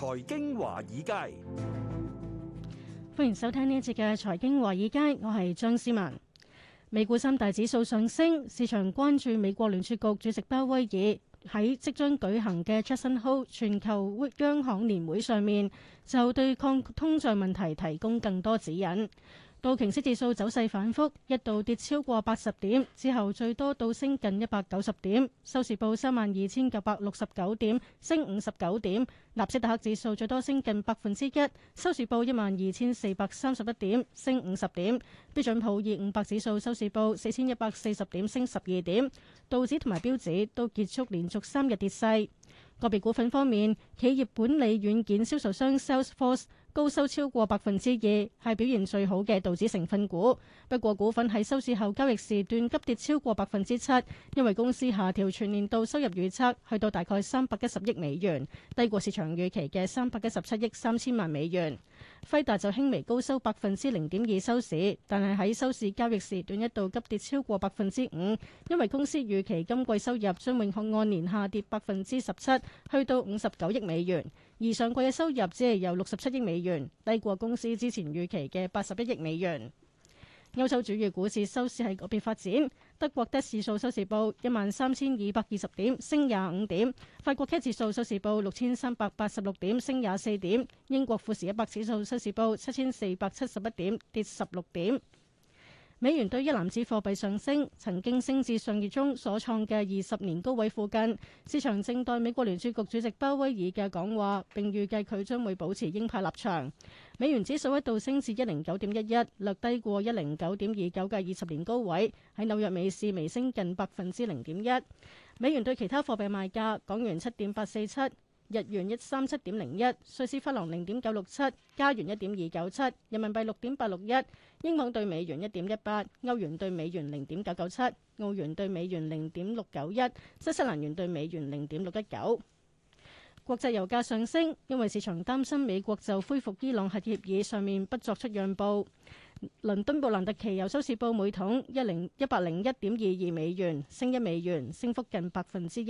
財經華爾街，歡迎收聽呢一節嘅財經華爾街，我係張思文。美股三大指數上升，市場關注美國聯儲局主席鮑威爾喺即將舉行嘅 Jackson Hole 全球央行年會上面，就對抗通脹問題提供更多指引。道瓊斯指數走勢反覆，一度跌超過八十點，之後最多到升近一百九十點，收市報三萬二千九百六十九點，升五十九點。納斯達克指數最多升近百分之一，收市報一萬二千四百三十一點，升五十點。標準普爾五百指數收市報四千一百四十點，升十二點。道指同埋標指都結束連續三日跌勢。個別股份方面，企業管理軟件銷售商 Salesforce 高收超過百分之二，係表現最好嘅道指成分股。不過股份喺收市後交易時段急跌超過百分之七，因為公司下調全年度收入預測，去到大概三百一十億美元，低過市場預期嘅三百一十七億三千萬美元。輝達就輕微高收百分之零點二收市，但係喺收市交易時段一度急跌超過百分之五，因為公司預期今季收入將會按年下跌百分之十七，去到五十九億美元，而上季嘅收入只係由六十七億美元，低過公司之前預期嘅八十一億美元。歐洲主要股市收市喺個別發展。德國 DAX 指數收市報一萬三千二百二十點，升廿五點。法國 CAC 指數收市報六千三百八十六點，升廿四點。英國富時一百指數收市報七千四百七十一點，跌十六點。美元對一籃子貨幣上升，曾經升至上月中所創嘅二十年高位附近。市場正待美國聯儲局主席鮑威爾嘅講話，並預計佢將會保持鷹派立場。美元指數一度升至一零九點一一，略低過一零九點二九嘅二十年高位。喺紐約美市微升近百分之零點一。美元對其他貨幣賣價，港元七點八四七。日元一三七點零一，瑞士法郎零點九六七，加元一點二九七，人民幣六點八六一，英鎊對美元一點一八，歐元對美元零點九九七，澳元對美元零點六九一，新西蘭元對美元零點六一九。國際油價上升，因為市場擔心美國就恢復伊朗核協議上面不作出讓步。倫敦布蘭特期油收市報每桶一百零一點二二美元，升一美元，升幅近百分之一。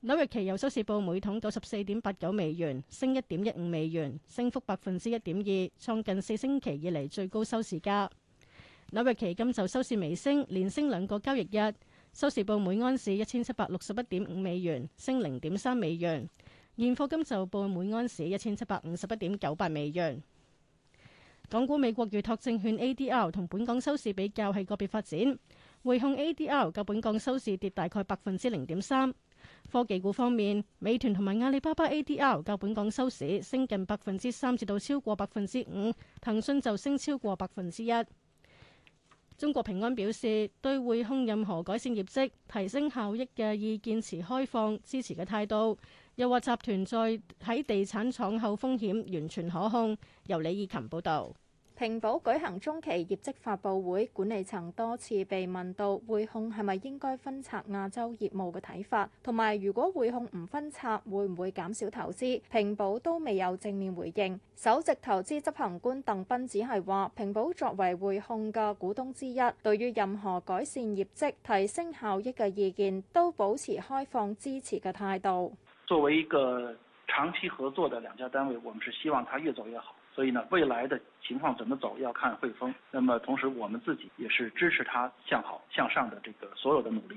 紐約期油收市報每桶九十四點八九美元，升一點一五美元，升幅百分之一點二，創近四星期以嚟最高收市價。紐約期金就收市微升，連升兩個交易日，收市報每安士一千七百六十一點五美元，升零點三美元。現貨金就報每安士一千七百五十一點九八美元。港股美國預託證券 ADR 同本港收市比較係個別發展，匯控 ADR 較本港收市跌大概百分之零點三。.科技股方面，美團同埋阿里巴巴 ADR 較本港收市升近百分之三至到超過百分之五，騰訊就升超過百分之一。中國平安表示對匯控任何改善業績、提升效益嘅意見持開放支持嘅態度，又話集團在喺地產敞后風險完全可控。由李以琴報道。平保舉行中期業績發佈會，管理層多次被問到匯控係咪應該分拆亞洲業務嘅睇法，同埋如果匯控唔分拆，會唔會減少投資？平保都未有正面回應。首席投資執行官鄧斌只係話：平保作為匯控嘅股東之一，對於任何改善業績、提升效益嘅意見，都保持開放支持嘅態度。作為一個長期合作嘅兩家單位，我們是希望他越做越好。所以呢，未來的情況怎麼走，要看匯豐。那麼同時我們自己也是支持他向好向上的這個所有的努力。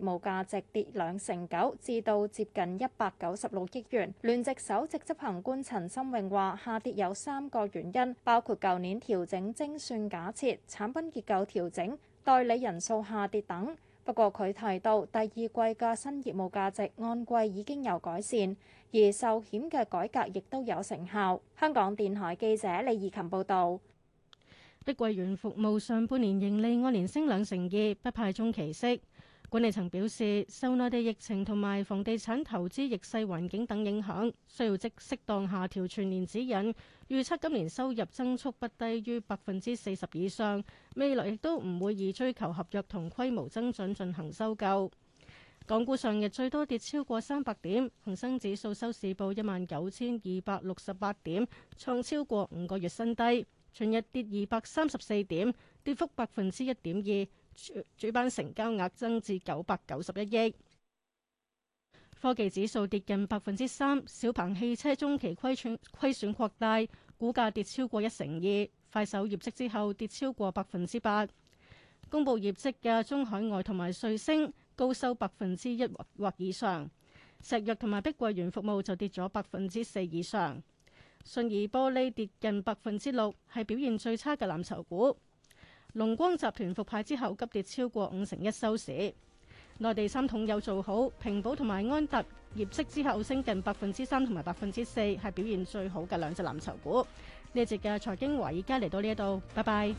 業務價值跌兩成九，至到接近一百九十六億元。聯席首席執行官陳心穎話：下跌有三個原因，包括舊年調整精算假設、產品結構調整、代理人數下跌等。不過佢提到，第二季嘅新業務價值按季已經有改善，而壽險嘅改革亦都有成效。香港電台記者李怡琴報道：碧桂園服務上半年盈利按年升兩成二，不派中期息。管理層表示，受內地疫情同埋房地產投資逆勢環境等影響，需要即適當下調全年指引，預測今年收入增速不低於百分之四十以上。未來亦都唔會以追求合約同規模增長進行收購。港股上日最多跌超過三百點，恒生指數收市報一萬九千二百六十八點，創超過五個月新低。全日跌二百三十四點，跌幅百分之一點二。主板成交額增至九百九十一億，科技指數跌近百分之三，小鵬汽車中期虧損虧損擴大，股價跌超過一成二。快手業績之後跌超過百分之八，公布業績嘅中海外同埋瑞聲高收百分之一或以上，石藥同埋碧桂園服務就跌咗百分之四以上，信義玻璃跌近百分之六，係表現最差嘅藍籌股。龍光集團復牌之後急跌超過五成一收市，內地三桶又做好，平保同埋安達，業績之後升近百分之三同埋百分之四，係表現最好嘅兩隻藍籌股。呢一節嘅財經華爾街，而家嚟到呢一度，拜拜。